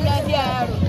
olhando de